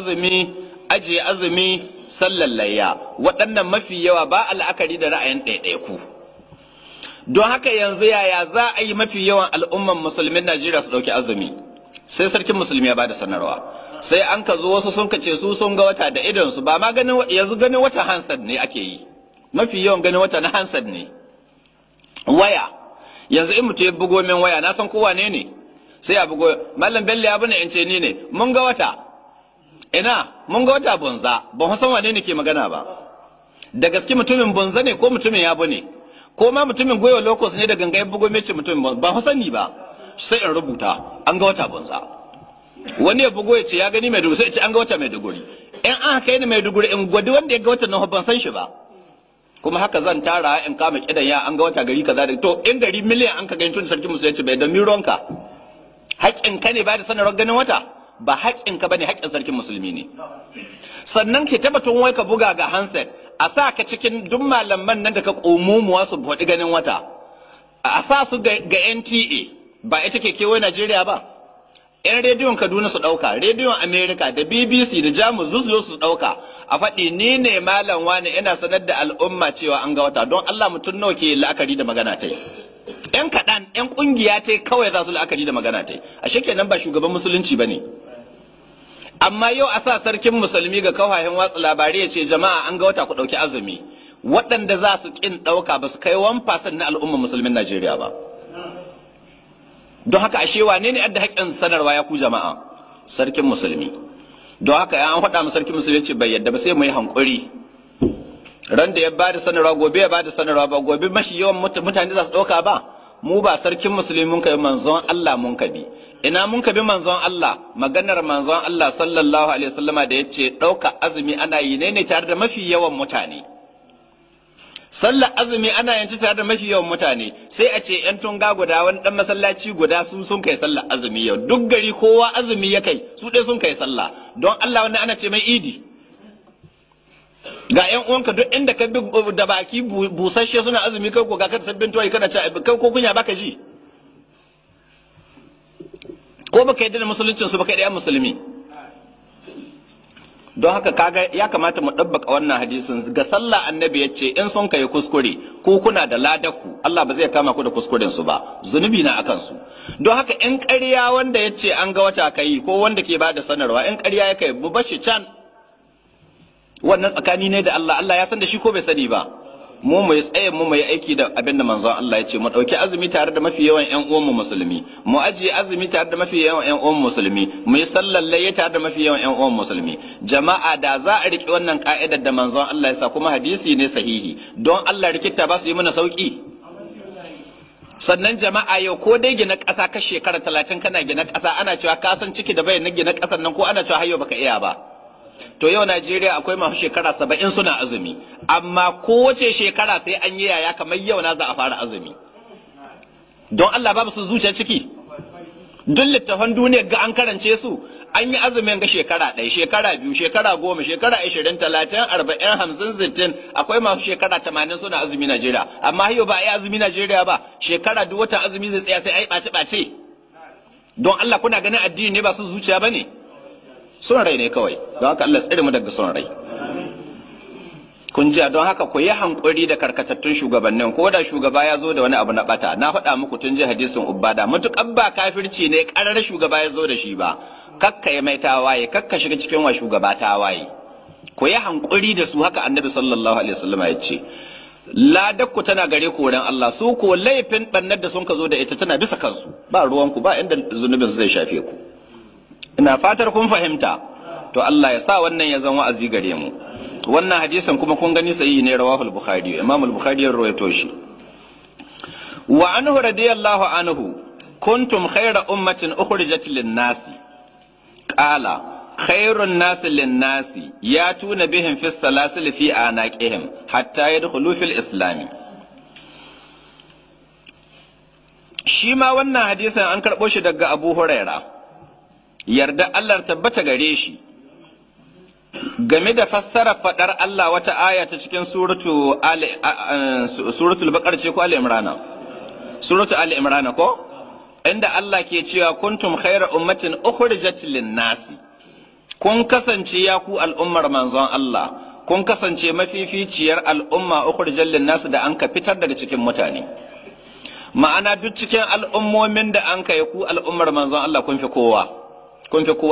azumi ajiye azumi sallar layya waɗannan mafi yawa ba al'akari da ra'ayin ɗaiɗaiku don haka yanzu yaya za a yi mafi yawan al'umman musulmin najeriya su ɗauki azumi sai sarkin musulmi ya bada sanarwa sai an ka zo wasu sun kace su sun ga wata da idon su ba ma ganin yanzu ganin wata hansad ne ake yi mafi yawan ganin wata na hansad ne waya yanzu in mutum ya bugo min waya na san kowa ne ne sai a bugo mallam bello ya bane in ce ni ne mun ga wata ina mun ga wata bunza ban san wane ne ke magana ba da gaske mutumin bunza ne ko mutumin yabo ne ko ma mutumin goyo locus ne da gangayen bugo ce mutumin ba sani ba sai in rubuta an ga wata bunza wani ya bugo ya ce ya gani mai duguri sai ya ce an ga wata mai duguri in an kai ni mai duguri in gwadi wanda ya ga wata nan ban san shi ba kuma haka zan tara in kama kidan ya an ga wata gari kaza da to in gari miliyan an ka gani tun sarki ce, bai da ka haƙƙin ka ne ba da sanarwar ganin wata ba haƙƙin ka bane haƙƙin sarkin musulmi ne sannan ke tabbatun wai ka buga ga handset a sa ka cikin duk malaman nan da ka ƙomomuwa su buɗi ganin wata a sa su ga NTA ba ita ke kewaye Najeriya ba yan rediyon Kaduna su ɗauka rediyon Amerika da BBC da Jamus zuzu su ɗauka a faɗi ni ne malam wani ina sanar da al'umma cewa an ga wata don Allah mutum nawa ke la'akari da magana ta yi yan kaɗan yan ƙungiya ce kawai za su la'akari da magana ta yi a shekenan ba shugaban musulunci ba ne amma yau a sa sarkin musulmi ga kawayen watsa labari ya ce jama'a an ga wata ku ɗauki azumi waɗanda za su ƙin ɗauka ba su kai 1% na al'umma musulmin najeriya ba don haka a shewa ne adda haƙƙin sanarwa ya ku jama'a sarkin musulmi don haka an faɗa mu sarkin musulmi ce bai yadda ba sai mu yi hankuri ran da ya ba da sanarwa gobe ya ba da sanarwa ba gobe mashi yawan mutane za su ɗauka ba mu ba sarkin musulmi mun kai manzon Allah mun ka ina mun ka bi manzon Allah maganar manzon Allah sallallahu alaihi wasallama da yace dauka azumi ana yi ne ne tare da mafi yawan mutane sallar azumi ana yin tare da mafi yawan mutane sai a ce yan tunga guda wani dan masallaci guda su sun kai sallar azumi yau duk gari kowa azumi ya kai su dai sun kai sallah don Allah wani ana ce mai idi ga yan uwanka duk inda ka bi da baki busasshe suna azumi kai ko ga ka sabbin toyi kana ce kai ko kunya baka ji ko baka yadda da musuluncin su baka yadda musulmi don haka kaga ya kamata mu ɗabbaka wannan hadisin ga sallah annabi ya ce in sun kai kuskure ko kuna da ladakku Allah ba zai kama ku da kuskuren su ba zunubi na akan su don haka in ƙarya wanda ya ce an ga wata kai ko wanda ke bada sanarwa in ƙarya ya kai mu bashi can wannan tsakani ne da Allah Allah ya san da shi ko bai sani ba mu mu yi tsaye mu muyi aiki da abin da manzon Allah ya ce mu dauki azumi tare da mafi yawan ƴan uwan mu musulmi mu aje azumi tare da mafi yawan ƴan uwan musulmi mu yi sallar layya tare da mafi yawan ƴan uwan musulmi jama'a da za a riki wannan ka'idar da manzon Allah ya sa kuma hadisi ne sahihi don Allah rikita ba su yi mana sauki sannan jama'a yau ko dai gina ƙasa ka shekara talatin kana gina ƙasa ana cewa ka san ciki da bai na gina ƙasan nan ko ana cewa hayo baka iya ba to yau Najeriya akwai masu shekara saba'in suna azumi amma kowace shekara sai an yi yaya kamar yau na za a fara azumi don Allah babu su zuciya ciki duk littafan duniyar ga an karance su an yi azumin ga shekara ɗaya shekara biyu shekara goma shekara ashirin talatin arba'in hamsin sittin akwai masu shekara tamanin suna azumi Najeriya amma yau ba a yi azumi Najeriya ba shekara duk wata azumi zai tsaya sai a yi ɓace-ɓace don Allah kuna ganin addini ne ba su zuciya ba ne Sun rai ne kawai don haka Allah tsiri mu daga sun rai kun ji don haka ku yi hankuri da karkatattun shugabannin ko da shugaba ya zo da wani abu na bata na faɗa muku tun ji hadisin ubbada mutukan ba kafirci ne karar shugaba ya zo da shi ba kakka ya mai tawaye kakka shiga cikin wa shugaba waye ku yi hankuri da su haka annabi sallallahu alaihi wasallam ya ce ku tana gare ku wurin Allah su ko laifin bannar da sun ka zo da ita tana bisa kansu ba ruwanku ba inda zunubin zai shafe ku ina fatar kun fahimta to Allah ya sa wannan ya zama wa'azi gare mu wannan hadisin kuma kun gani sahihi ne rawahu al-bukhari imam al-bukhari ya rawaito shi wa anhu radiyallahu anhu kuntum khayra ummatin ukhrijat lin-nasi qala khayrun nasi lin-nasi yatuna bihim fi salasil fi anaqihim hatta yadkhulu fil islami shi ma wannan hadisin an karɓo shi daga abu huraira yarda Allah tabbata gare shi game da fassara faɗar Allah wata aya ta cikin suratul baqar ce ko al-imrana suratul al-imrana ko inda Allah ke cewa kuntum khayra ummatin ukhrijat lin-nasi kun kasance ya ku al'ummar manzon Allah kun kasance mafificiyar al'umma ukhrijat lin-nasi da an ka fitar daga cikin mutane ma'ana duk cikin al'ummomin da an kai ku al'ummar manzon Allah kun fi kowa koncho